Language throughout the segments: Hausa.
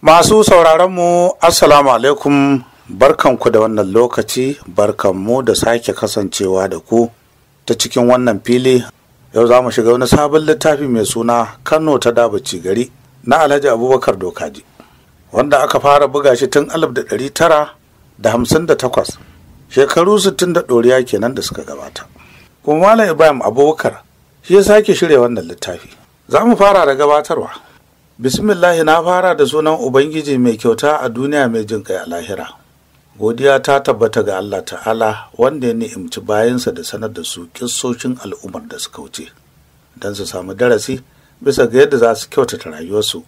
Masu mu Assalamu alaikum, barkanku da wannan lokaci, barkanmu da sake kasancewa da ku ta cikin wannan fili. Yau za mu shiga wani sabon littafi mai suna Kano ta dabaci gari na Alhaji Abubakar Dokaji, wanda aka fara buga shi tun 1958, shekaru 60 da ɗoriya kenan da suka gabata. Kuma Malam Ibrahim Abubakar shi ya sake shirya wannan littafi. Za mu fara da gabatarwa. bismillahi na fara da sunan ubangiji mai kyauta a duniya mai jin kai a lahira godiya ta tabbata ga allah ta'ala wanda ya ni'imci bayansa da sanar da su kissoshin al'ummar da suka wuce don su samu darasi bisa ga yadda za su kyautata rayuwarsu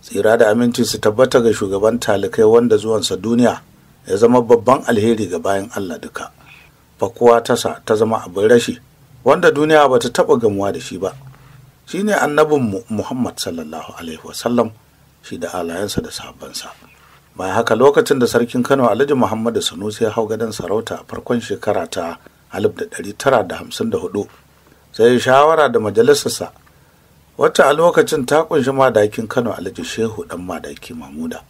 tsira da aminci su tabbata ga shugaban talikai wanda zuwansa duniya ya zama babban alheri ga bayan allah duka fakuwa tasa ta zama abin rashi wanda duniya ba ta taɓa gamuwa da shi ba Shi ne annabin Muhammad sallallahu alaihi wasallam shi da alayensa da sahabbansa bayan haka lokacin da sarkin Kano Alhaji Muhammadu Sanusi ya hau gadon sarauta a farkon shekara ta 1954 sai shawara da majalisarsa wacce a lokacin ta kunshi madakin Kano Alhaji Shehu dan madaki Mamuda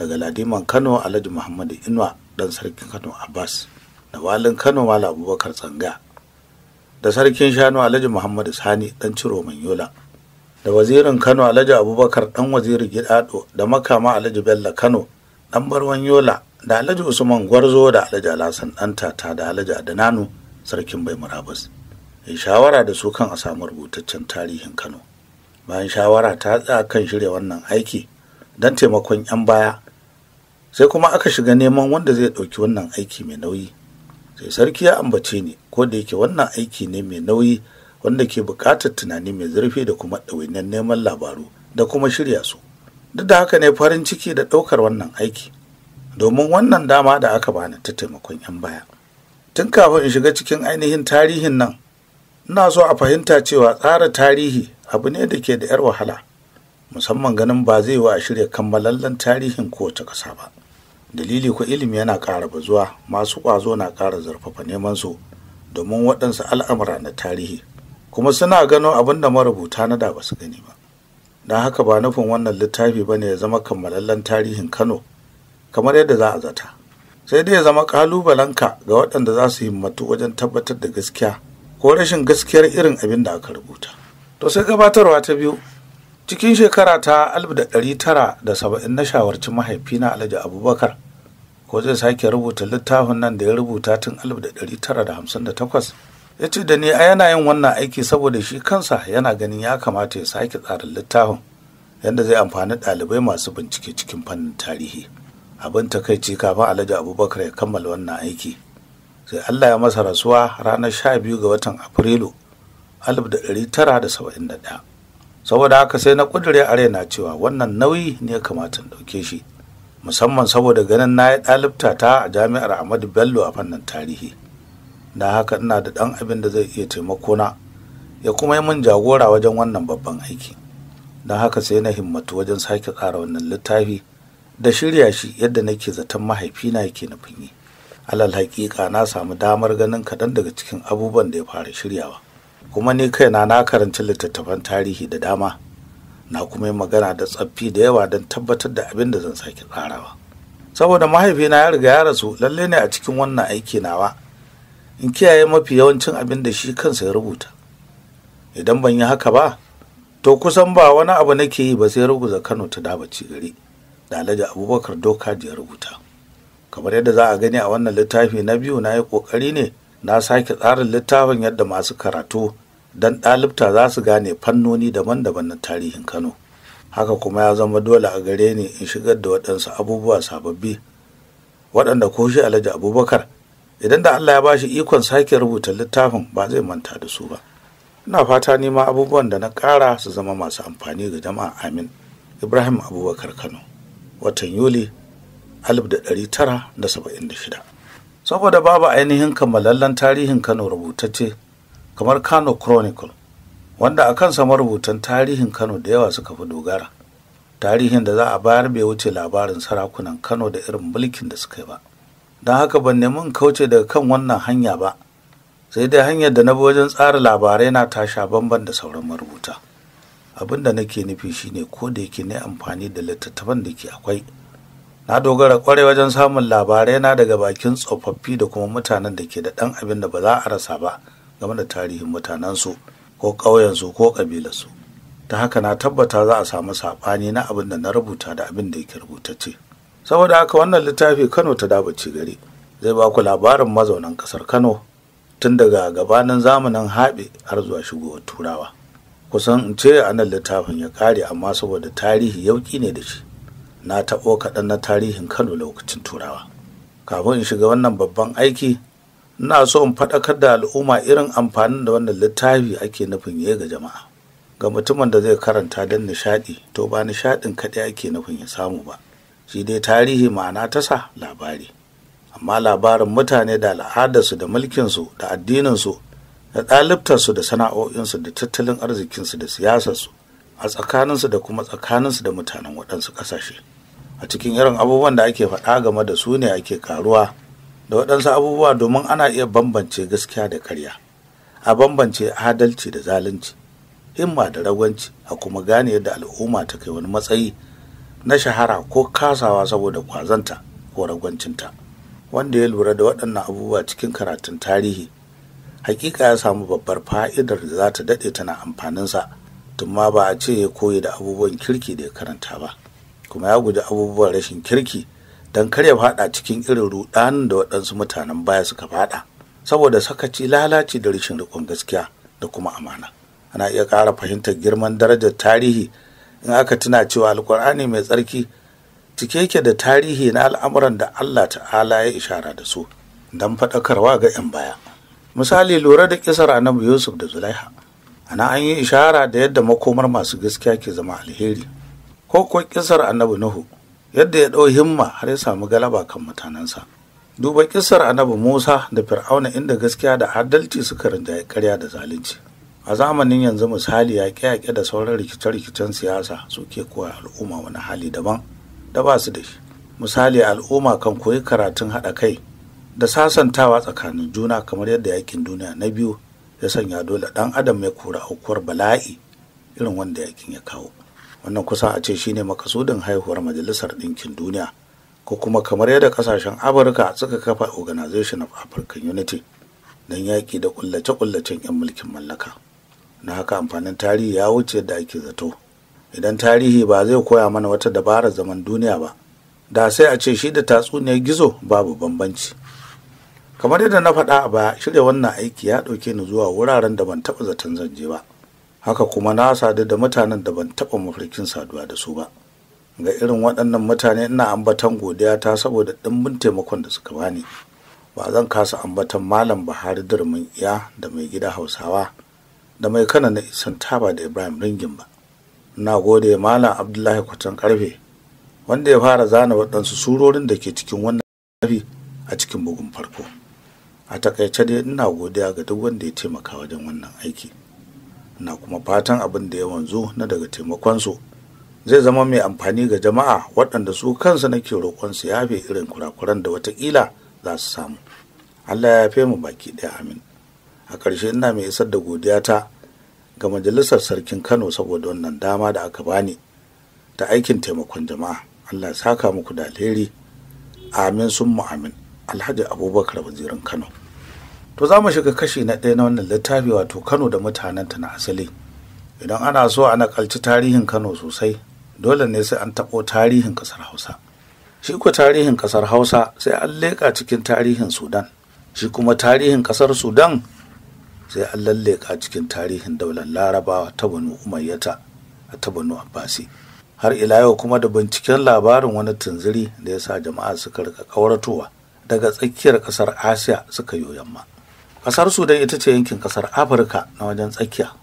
daga ladiman Kano Alhaji Muhammadu Inuwa dan sarkin Kano Abbas da walin Kano Mala Abubakar Tsanga da sarkin shanu alhaji muhammadu sani dan ciro manyola da wazirin kano alhaji abubakar dan waziri gidado da makama alhaji bello kano dan barwan yola da alhaji usman gwarzo da alhaji alhassan dan tata da alhaji adananu sarkin bai murabus ya shawara da su kan a samu rubutaccen tarihin kano bayan shawara ta tsaya kan shirya wannan aiki don taimakon 'yan baya sai kuma aka shiga neman wanda zai ɗauki wannan aiki mai nauyi sai sarki ya ambace ni ko da yake wannan aiki ne mai nauyi wanda ke buƙatar tunani mai zurfi da kuma ɗawainiyar neman labaru da kuma shirya su duk da haka ne farin ciki da ɗaukar wannan aiki domin wannan dama da aka bani ta taimakon 'yan baya tun kafin in shiga cikin ainihin tarihin nan ina so a fahimta cewa tsara tarihi abu ne da ke da 'yar wahala musamman ganin ba zai wa a shirya kammalallen tarihin kowace ƙasa ba dalili ko ilimi yana ƙara bazuwa masu ƙwazo na ƙara zarfafa neman su domin waɗansu al'amura na tarihi kuma suna gano abin da marubuta na da ba su gani ba don haka ba nufin wannan littafi ba ne ya zama kammalallen tarihin kano kamar yadda za a zata sai dai ya zama ƙalubalenka ga waɗanda za su himmatu wajen tabbatar da gaskiya ko rashin gaskiyar irin abin da aka rubuta to sai gabatarwa ta biyu cikin shekara ta da 1970 na shawarci mahaifina alhaji abubakar ko zai sake rubuta littafin nan da ya rubuta tun 1958 ya ce da ni a yana yin wannan aiki saboda shi kansa yana ganin ya kamata ya sake tsarin littafin yadda zai amfani ɗalibai masu bincike cikin fannin tarihi abin takaici kafin alhaji abubakar ya kammala wannan aiki sai allah ya masa rasuwa ranar biyu ga watan afrilu 1971 saboda haka sai na kudure a na cewa wannan nauyi ne ya kamata ɗauke shi musamman saboda ganin na yi dalibta ta a jami'ar ahmadu bello a fannin tarihi na haka ina da ɗan abin da zai iya taimako na ya kuma yi min jagora wajen wannan babban aiki don haka sai na himmatu wajen sake ƙara wannan littafi da shirya shi yadda nake zaton mahaifina yake nufin yi alal haƙiƙa na samu damar ganin kaɗan daga cikin abubuwan da ya fara shiryawa kuma ni kaina na karanci littattafan tarihi da dama na kuma yi magana da tsaffi da yawa don tabbatar da abin da zan sake tsarawa saboda mahaifina ya riga ya rasu lalle ne a cikin wannan aiki nawa in kiyaye mafi yawancin abin da shi kansa ya rubuta idan ban yi haka ba to kusan ba wani abu nake yi ba sai ruguza kano ta ci gari da alhaji abubakar doka ya rubuta kamar yadda za a gani a wannan littafi na biyu na yi ƙoƙari ne na sake tsarin littafin yadda masu karatu don ɗalibta za su gane fannoni daban-daban na tarihin kano haka kuma ya zama dole a gare ni in shigar da waɗansu abubuwa sababbi waɗanda ko shi alhaji abubakar idan da allah ya ba shi ikon sake rubuta littafin ba zai manta da su ba ina fata nema abubuwan da na ƙara su zama masu amfani ga jama'a amin ibrahim abubakar kano watan yuli 1976 saboda babu ainihin kammalallen tarihin kano rubutacce kamar kano chronicle wanda a kansa marubutan tarihin kano da yawa suka fi dogara tarihin da za a bayar bai wuce labarin sarakunan kano da irin mulkin da suka yi ba don haka ban nemi kauce daga kan wannan hanya ba sai dai hanyar da na bi wajen tsara labarai na tasha bamban da sauran marubuta abin da nake nufi shine ko da yake ne amfani da littattafan da ke akwai na dogara kwarai wajen samun labarai na daga bakin tsofaffi da kuma mutanen da ke da ɗan abin da ba za a rasa ba game da tarihin mutanensu ko ƙauyensu ko ƙabilarsu ta haka na tabbata za a samu saɓani na abin da na rubuta da abin da yake rubutacce saboda haka wannan littafi kano ta daba gari zai ba ku labarin mazaunan ƙasar kano tun daga gabanin zamanin haɓe har zuwa shigowar turawa kusan in ce a nan littafin ya ƙare amma saboda tarihi yauƙi ne da shi na taɓo kaɗan na tarihin kano lokacin turawa kafin in shiga wannan babban aiki ina so in faɗakar da al'umma irin amfanin da wannan littafi ake nufin ya ga jama'a ga mutumin da zai karanta don nishaɗi to ba nishaɗin kaɗai ake nufin ya samu ba shi dai tarihi ma'ana tasa labari amma labarin mutane da al'adarsu da mulkinsu da addininsu da ɗalibtarsu da sana'o'insu da tattalin arzikinsu da siyasarsu a tsakaninsu da kuma tsakaninsu da mutanen waɗansu ƙasashe a cikin irin abubuwan da ake faɗa game da su ne ake karuwa da waɗansu abubuwa domin ana iya bambance gaskiya da karya a bambance adalci da zalunci himma da ragwanci a kuma gane yadda al'umma ta kai wani matsayi na shahara ko kasawa saboda kwazanta ko ragwancinta wanda ya lura da waɗannan abubuwa cikin karatun tarihi hakika ya samu babbar fa'idar da za ta daɗe tana amfaninsa tumma ba a ce ya koyi da abubuwan kirki da ya karanta ba kuma ya guji abubuwan rashin kirki don kar ya fada cikin irin rudanin da waɗansu mutanen baya suka fada saboda sakaci lalaci da rashin riƙon gaskiya da kuma amana ana iya ƙara fahimtar girman darajar tarihi in aka tuna cewa alkur'ani mai tsarki cike yake da tarihi na al'amuran da allah ta'ala ya ishara da su don faɗakarwa ga 'yan baya misali lura da kisar ranar yusuf da zulaiha ana an yi ishara da yadda makomar masu gaskiya ke zama alheri ko kuwa kisar annabi nuhu yadda ya ɗau himma har ya samu galaba kan mutanensa duba kisar annabi musa da fir'auna inda gaskiya da adalci suka rinjaye karya da zalunci a zamanin yanzu misali yaƙe-yaƙe da sauran rikice-rikicen siyasa ke koya al'umma wani hali daban da ba su da shi misali al'umma kan koyi karatun haɗa kai da sasantawa tsakanin juna kamar yadda yakin duniya na biyu ya sanya dole ɗan adam ya kura aukuwar bala'i irin wanda yakin ya kawo wannan kusa a ce shine makasudin haihuwar majalisar ɗinkin duniya ko kuma kamar yadda kasashen afirka suka kafa organization of african unity don yaƙi da ƙullace-ƙullacen 'yan mulkin mallaka na haka amfanin tarihi ya wuce da ake zato idan tarihi ba zai koya mana wata dabarar zaman duniya ba da sai a ce shi da tatsuniyar gizo babu bambanci kamar yadda na faɗa a baya shirya wannan aiki ya ɗauke ni zuwa wuraren da ban taɓa zaton zan je ba haka kuma na sadu da mutanen da ban taɓa mafarkin saduwa da su ba ga irin waɗannan mutane ina ambaton godiya ta saboda ɗimbin taimakon da suka bani ba zan kasa ambaton malam buhari durmin iya da mai gida hausawa da mai kana na isan taba da ibrahim ringin ba na gode malam abdullahi kwatan karfe wanda ya fara zana waɗansu surorin da ke cikin wannan a cikin bugun farko a takaice dai ina godiya ga duk wanda ya taimaka wajen wannan aiki na kuma fatan abin da ya wanzu na daga taimakonsu zai zama mai amfani ga jama'a waɗanda su kansa nake roƙon su yafe irin kurakuran da watakila za su samu allah ya fi mu baki ɗaya amin a ƙarshe ina mai isar da godiya ta ga majalisar sarkin kano saboda wannan dama da aka bani ta aikin taimakon jama'a allah ya saka muku da alheri amin sun mu amin alhaji abubakar wazirin kano to za mu shiga kashi na ɗaya na wannan littafi wato kano da mutanen ta na asali idan ana so a nakalci tarihin kano sosai dole ne sai an taɓo tarihin ƙasar hausa shi ku tarihin ƙasar hausa sai an leƙa cikin tarihin sudan shi kuma tarihin ƙasar sudan sai an lalleƙa cikin tarihin daular larabawa ta banu umayyata a ta banu abbasi har ila yau kuma da binciken labarin wani tunziri da ya sa jama'a suka rika ƙauratowa daga tsakiyar kasar asiya suka yi yamma kasar sudan ita ce yankin kasar afirka na wajen tsakiya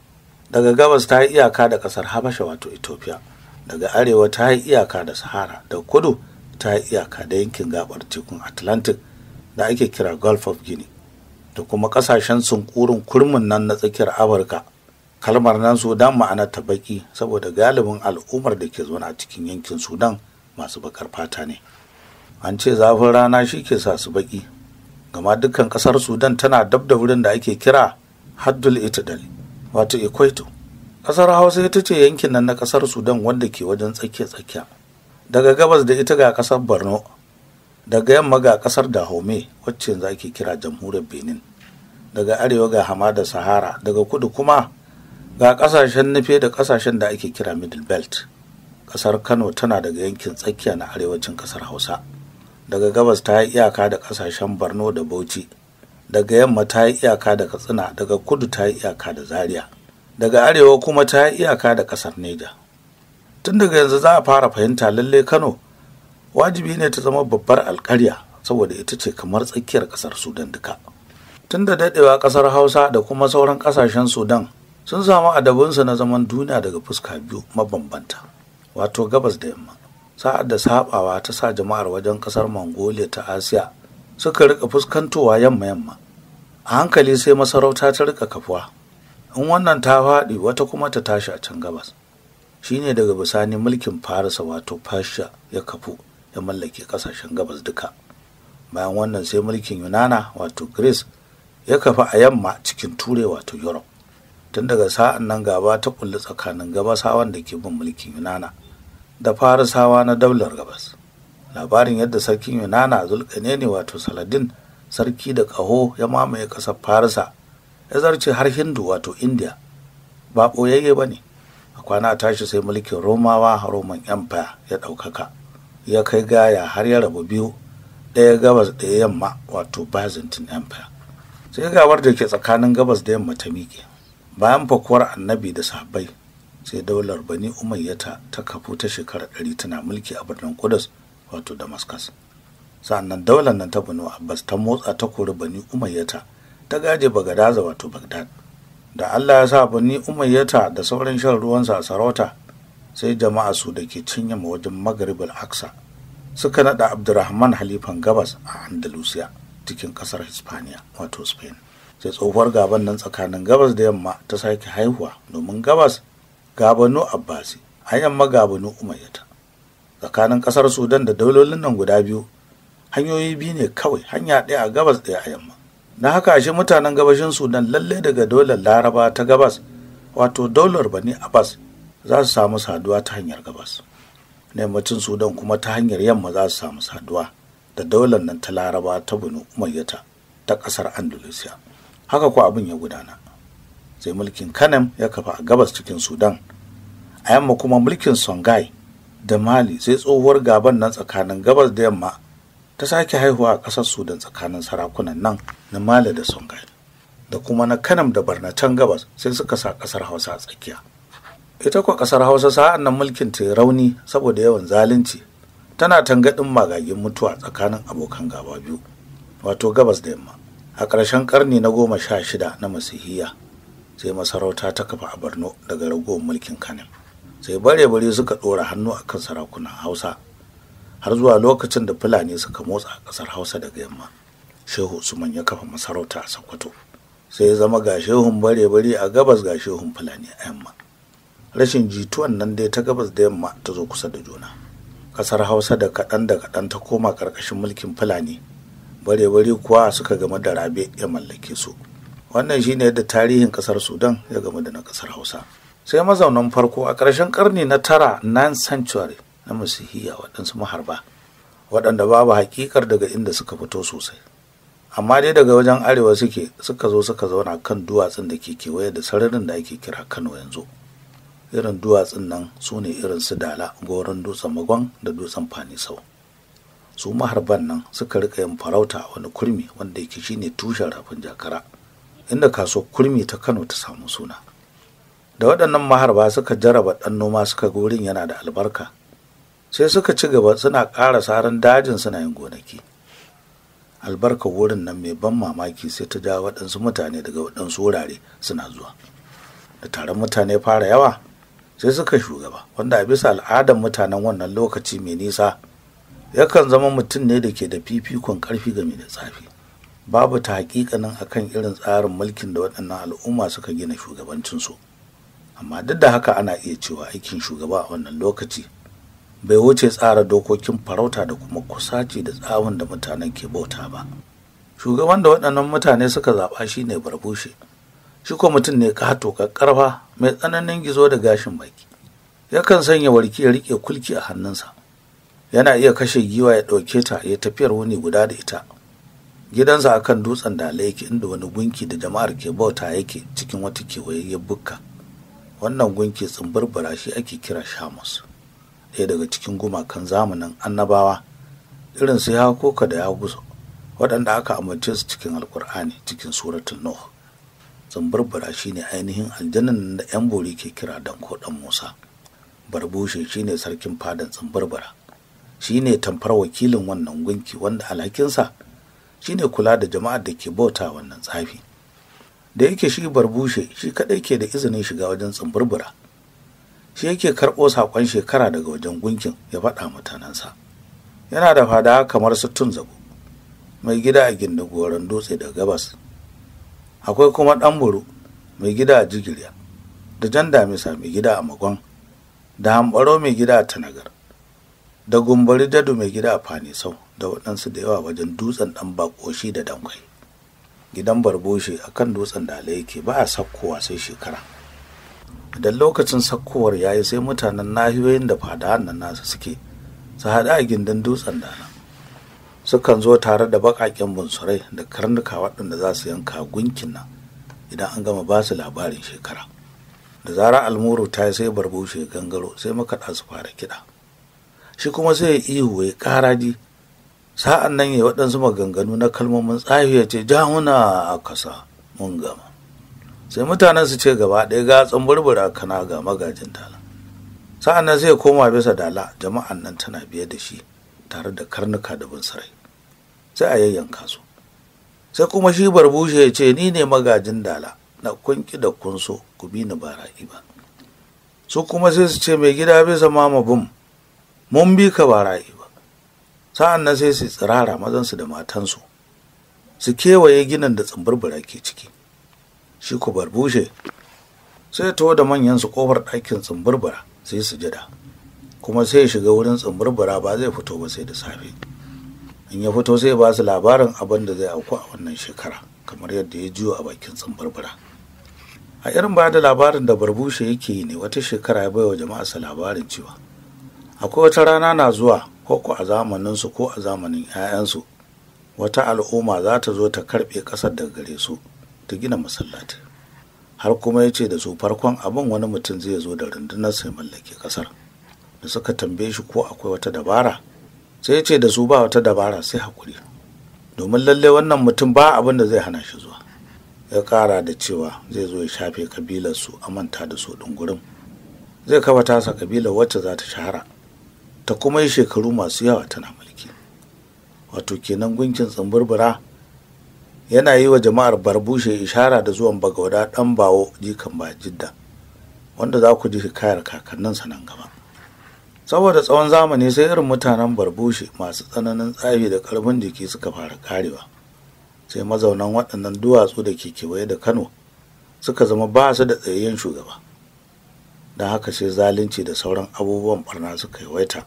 daga gabas ta yi iyaka da kasar habasha wato ethiopia daga arewa ta yi iyaka da sahara da kudu ta yi iyaka da yankin gabar tekun atlantic da ake kira gulf of guinea da kuma kasashen sunkurin kurmin nan na tsakiyar afirka kalmar nan sudan ma'ana ta baki saboda galibin al'ummar da ke zuna a cikin yankin sudan masu bakar fata ne an ce zafin rana shi ke sa su baki gama dukkan kasar sudan tana dab da wurin da ake kira haddul itadal wato equator kasar hausa ita ce yankin nan na kasar sudan wanda ke wajen tsakiya-tsakiya daga gabas da ita ga kasar borno daga yamma ga kasar dahome wacce yanzu ake kira jamhuriyar benin daga arewa ga hamada sahara daga kudu kuma ga kasashen nufe da kasashen da ake kira middle belt kasar kano tana daga yankin tsakiya na arewacin kasar hausa daga gabas ta yi iyaka da ƙasashen borno da bauchi daga yamma ta yi iyaka da katsina daga kudu ta yi iyaka da zaria daga arewa kuma ta yi iyaka da ƙasar neja tun daga yanzu za a fara fahimta lalle kano wajibi ne ta zama babbar alkarya saboda ita ce kamar tsakiyar ƙasar sudan duka tun da dadewa kasar hausa da kuma sauran ƙasashen sudan sun samu adabinsu na zaman duniya daga fuska biyu mabambanta wato gabas da yamma sa'ad da sabawa ta sa jama'ar wajen kasar mongolia ta asiya suka rika fuskantowa yamma yamma a hankali sai masarauta ta rika kafuwa in wannan ta faɗi wata kuma ta tashi a can gabas shine daga bisani mulkin farisa wato fasha ya kafu ya mallake kasashen gabas duka bayan wannan sai mulkin yunana wato greece ya kafa a yamma cikin ture wato europe tun daga sa'an nan gaba ta kulli tsakanin gabasawan da ke bin mulkin yunana da farisawa na daular gabas labarin yadda sarkin yunana zulkane ne wato saladin sarki da ƙaho ya mamaye ƙasar farisa ya zarce har hindu wato india ba ɓoyayye ba ne a kwana tashi sai mulkin romawa roman empire ya ɗaukaka ya kai gaya har ya rabu biyu ɗaya gabas ɗaya yamma wato byzantine empire sai gawar da ke tsakanin gabas da yamma ta miƙe bayan fakuwar annabi da sahabbai sai daular bani umayyata ta kafu ta shekarar ɗari tana mulki a birnin kudus wato damascus sa'annan daular nan ta bani abbas ta motsa ta kori bani umayyata ta gaje bagadaza wato bagdad da allah ya sa bani umayyata da sauran shan ruwansa a sarauta sai jama'a su da ke cinye ma wajen al aksa suka nada abdurrahman halifan gabas a andalusiya cikin kasar hispaniya wato spain sai tsohuwar gaban nan tsakanin gabas da yamma ta sake haihuwa domin gabas gabanu abbasi a yamma gabanu umayyata tsakanin kasar sudan da daulolin nan guda biyu hanyoyi biyu ne kawai hanya ɗaya a gabas ɗaya a yamma na haka shi mutanen gabashin sudan lalle daga daular laraba ta gabas wato daular bani abbas za su samu saduwa ta hanyar gabas na yammacin sudan kuma ta hanyar yamma za su samu saduwa da daular nan ta laraba ta bunu umayyata ta kasar andalusiya haka ko abin ya gudana sai mulkin kanem ya kafa a gabas cikin sudan a yamma kuma mulkin songhai da mali sai tsohuwar gaban nan tsakanin gabas da yamma ta sake haihuwa a ƙasar sudan tsakanin sarakunan nan na mali da songhai da kuma na kanam da barnatan gabas sai suka sa ƙasar hausa a tsakiya ita kuwa ƙasar hausa sa'an nan mulkin ta rauni saboda yawan zalunci tana tangaɗin magagin mutuwa tsakanin abokan gaba biyu wato gabas da yamma a ƙarshen ƙarni na goma sha shida na masihiya sai masarauta ta kafa a borno daga ragowar mulkin Kano. sai bare-bare suka dora hannu a kan sarakunan hausa har zuwa lokacin da fulani suka motsa a ƙasar hausa daga yamma shehu usman ya kafa masarauta a sokoto sai ya zama ga shehun bare-bare a gabas ga shehun fulani a yamma rashin jituwan nan dai ta gabas da yamma ta zo kusa da juna ƙasar hausa da kaɗan da kaɗan ta koma ƙarƙashin mulkin fulani bare-bare kuwa suka gama da rabe ya mallake su wannan shine yadda tarihin kasar sudan ya gamu da na kasar hausa sai mazaunan farko a ƙarshen karni na tara nan century na masihiya waɗansu maharba waɗanda babu hakikar daga inda suka fito sosai amma dai daga wajen arewa suke suka zo suka zauna kan duwatsun da ke kewaye da sararin da ake kira kano yanzu irin duwatsun nan su ne irin su dala goron dutsen magon da dutsen fanisau su maharban nan suka rika yin farauta wani kurmi wanda yake shine tushen rafin jakara inda kasuwar kurmi ta kano ta samu suna da waɗannan maharba suka jaraba ɗan noma suka ga wurin yana da albarka sai suka ci gaba suna ƙara saran dajin suna yin gonaki Albarka wurin nan mai ban mamaki sai ta ja waɗansu mutane daga waɗansu wurare suna zuwa da taron mutane fara yawa sai suka shugaba wanda a bisa al'adar mutanen wannan lokaci mai nisa yakan zama mutum ne da ke da fifikon ƙarfi game da tsafi babu ta hakikanin kan irin tsarin mulkin da waɗannan al'umma suka gina shugabancinsu amma duk da haka ana iya cewa aikin shugaba a wannan lokaci bai wuce tsara dokokin farauta da kuma kusaci da tsawon da mutanen ke bauta ba shugaban da waɗannan mutane suka zaɓa shi ne barbushe shi ko mutum ne kato karfa mai tsananin gizo da gashin baki yakan sanya warki ya riƙe kulki a hannunsa yana iya kashe giwa ya ɗauke ta ya tafiyar wuni guda da ita gidansa a kan dutsen da yake inda wani gunki da jama'ar ke bauta yake cikin wata kewayayyar bukka wannan gunki tsumburbura shi ake kira shamus ɗaya daga cikin gumakan zamanin annabawa irin su ya koka da ya guzo waɗanda aka amince su cikin alkur'ani cikin suratun nuh shi ne ainihin aljanan da yan bori ke kira danko dan musa barbushe shine sarkin fadan Shi ne tamfar wakilin wannan gunki wanda alhakinsa shine kula da jama'ar da ke bauta wannan tsafi da yake shi barbushe shi kadai ke da izinin shiga wajen tsumburbura shi yake karɓo saƙon shekara daga wajen gunkin ya faɗa mutanensa yana da fada kamar su tun zabo mai gida a gindagoran dutse da gabas akwai kuma ɗan buru mai gida a jigirya da jan damisa mai gida a magon da hambaro mai gida a tanagar da gumbari Dadu mai gida a fanisau da waɗansu da yawa wajen dutsen ɗan bakoshi da dankwai gidan barbushe a kan dutsen da yake ba a sakkowa sai shekara idan lokacin sakkowar ya yi sai mutanen nahiyoyin da fada nan nasu suke su haɗu a gindin dutsen Su sukan zo tare da baƙaƙen bunsurai da karnuka waɗanda za su yanka gunkin nan idan an gama ba su labarin shekara da zara almuru ta yi sai barbushe gangaro sai makaɗa su fara kiɗa shi kuma sai ya ihu ya ƙaraji sa'an nan ya waɗansu maganganu na kalmomin tsayi ya ce ja muna a kasa mun gama sai mutanen su ce gaba ɗaya ga tsamburbura kana ga magajin dala sa'an nan sai koma bisa dala jama'an nan tana biye da shi tare da karnuka da bin sarai. sai a yayyanka su sai kuma shi barbushe ya ce ni ne magajin dala na kunki da kunso ku bi ni ba ra'i ba su kuma sai su ce mai gida bisa mama bum mun bi ka ba ra'i sa'an nan sai su tsirara mazansu da matansu su kewaye ginin da tsumburbura ke ciki shi ku barbushe sai to da manyan su kofar ɗakin tsumburbura sai su jida kuma sai ya shiga wurin tsumburbura ba zai fito ba sai da safe in ya fito sai ba su labarin abin da zai auku a wannan shekara kamar yadda ya jiyo a bakin tsumburbura a irin ba da labarin da barbushe yake yi ne wata shekara ya baiwa jama'arsa labarin cewa akwai wata rana na zuwa ko a zamaninsu ko a zamanin 'ya'yansu wata al'umma za ta zo ta karɓe ƙasar daga gare su ta gina masallaci har kuma ya ce da su farkon abin wani mutum zai zo da rundunar sai mallake ƙasar da suka tambaye shi ko akwai wata dabara sai ya ce da su ba wata dabara sai hakuri, domin lalle wannan mutum ba abin da zai hana shi zuwa ya ƙara da cewa zai zo ya shafe kabilarsu a manta da su ɗungurin zai kafa tasa kabilar wacce za ta shahara ta kuma yi shekaru masu yawa tana mulki wato kenan gunkin tsambarbara yana yi wa jama'ar barbushe ishara da zuwan bagauda dan bawo jikan ba jidda wanda za ku ji hikayar kakanninsa nan gaba saboda tsawon zamani sai irin mutanen barbushe masu tsananin tsafi da karfin jiki suka fara karewa sai mazaunan waɗannan duwatsu da ke kewaye da kano suka zama ba su da tsayayyen shugaba don haka sai zalunci da sauran abubuwan barna suka yawaita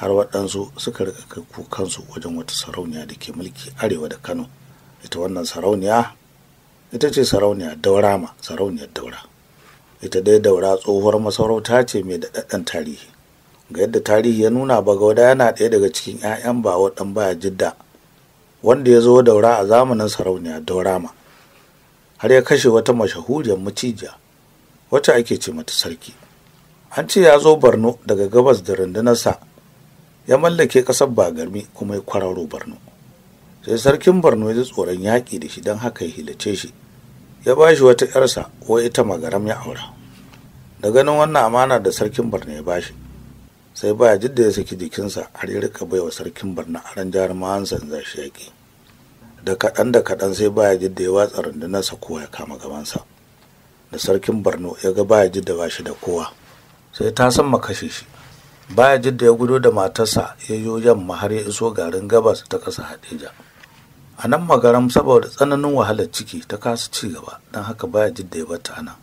har waɗansu suka rika kai kukansu wajen wata sarauniya da ke mulki arewa da kano ita wannan sarauniya ita ce sarauniya daura ma sarauniyar daura ita dai daura tsohuwar masarauta ce mai daɗaɗɗen tarihi ga yadda tarihi ya nuna bagauda yana ɗaya daga cikin 'ya'yan bawa ɗan baya jidda wanda ya zo daura a zamanin sarauniya daurama har ya kashe wata mashahuriyar macijiya wacce ake ce mata sarki an ce ya zo borno daga gabas da rundunarsa ya mallake ƙasar bagarmi kuma ya kwararo borno sai sarkin borno ya ji tsoron yaƙi da shi don haka ya hilace shi ya ba shi wata 'yarsa, ko ita magaram ya aura da ganin wannan amana da sarkin borno ya bashi sai baya jidda ya saki jikinsa har ya rika wa sarkin borno aron jarumawan zanza shi yaƙi da kaɗan da kaɗan sai baya jidda ya watsa sa kowa ya kama gabansa da sarkin borno ya ga baya jidda ba shi da kowa sai ta san kashe shi baya jidda ya gudo da matarsa ya yo yamma har ya iso garin gabas ta ƙasa hadeja a nan magaram saboda tsananin wahalar ciki ta kasa ci gaba don haka baya jidda ya bata nan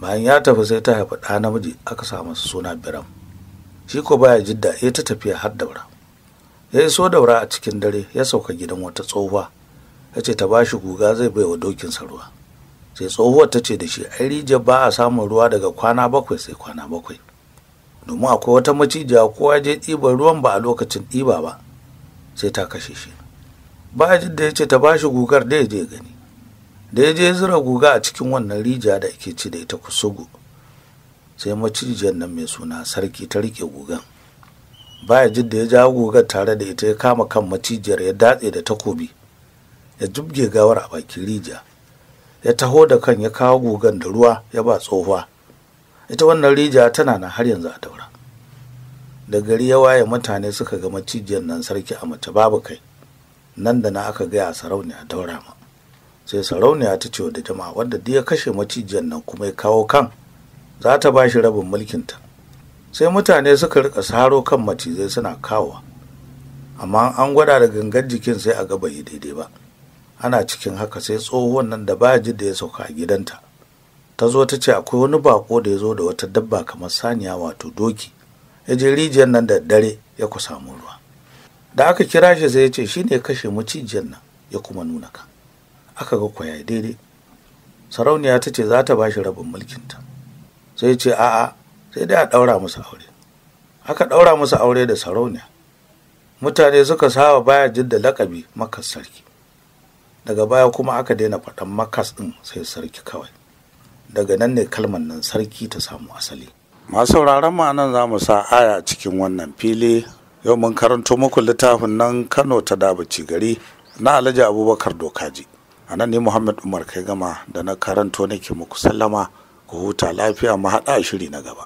bayan ya tafi sai ta haifi ɗa namiji aka samu suna biram shi ko baya jidda ya ta tafiya har daura ya iso daura a cikin dare ya sauka gidan wata tsohuwa ta ce ta bashi guga zai bai wa dokinsa ruwa sai tsohuwar ta ce da shi ai rijiyar ba a samun ruwa daga kwana bakwai sai kwana bakwai domin akwai wata macijiya kowa je ɗiban ruwan ba a lokacin ɗiba ba sai ta kashe shi Ba jin da ya ce ta bashi gugar da ya je gani da ya je zura guga a cikin wannan rijiya da ake ci da ita kusugu sai macijiyar nan mai suna sarki ta rike gugan ba jin da ya ja gugar tare da ita ya kama kan macijiyar ya datse da takobi ya jibge gawar a bakin rijiya ya taho da kan ya kawo gugan da ruwa ya ba tsohuwa ita wannan rijiya tana na har yanzu a daura da gari ya waye mutane suka ga macijiyar nan sarki a mace babu kai nan da na aka gaya sarauniya daura ma sai sarauniya ta ce da jama'a wanda ya kashe macijiyar nan kuma ya kawo kan za ta ba shi rabin mulkinta sai mutane suka rika saro kan macizai suna kawowa amma an gwada da gangan jikin sai a ga bai daidai ba ana cikin haka sai tsohon nan da ba ji da ya sauka a gidanta ta zo ta ce akwai wani bako da ya zo da wata dabba kamar saniya wato doki ya je rijiyar nan da dare ya ku samu ruwa da aka kira shi sai ya ce shi ne kashe macijiyar nan ya kuma nuna ka aka ga kwaya daidai sarauniya ta ce za ta bashi shi rabin mulkinta sai ce a'a sai dai a ɗaura musu aure aka ɗaura musu aure da sarauniya mutane suka sawa baya jin da lakabi makas sarki daga baya kuma aka daina faɗan makas ɗin sai sarki kawai daga nan ne kalmar nan sarki ta samu asali masu sauraron mu za mu sa aya cikin wannan fili yau mun karanto muku littafin nan kano ta dabaci gari na alhaji abubakar dokaji a nan ne muhammad umar kai gama da na karanto nake muku sallama ku huta lafiya mu haɗa shiri na gaba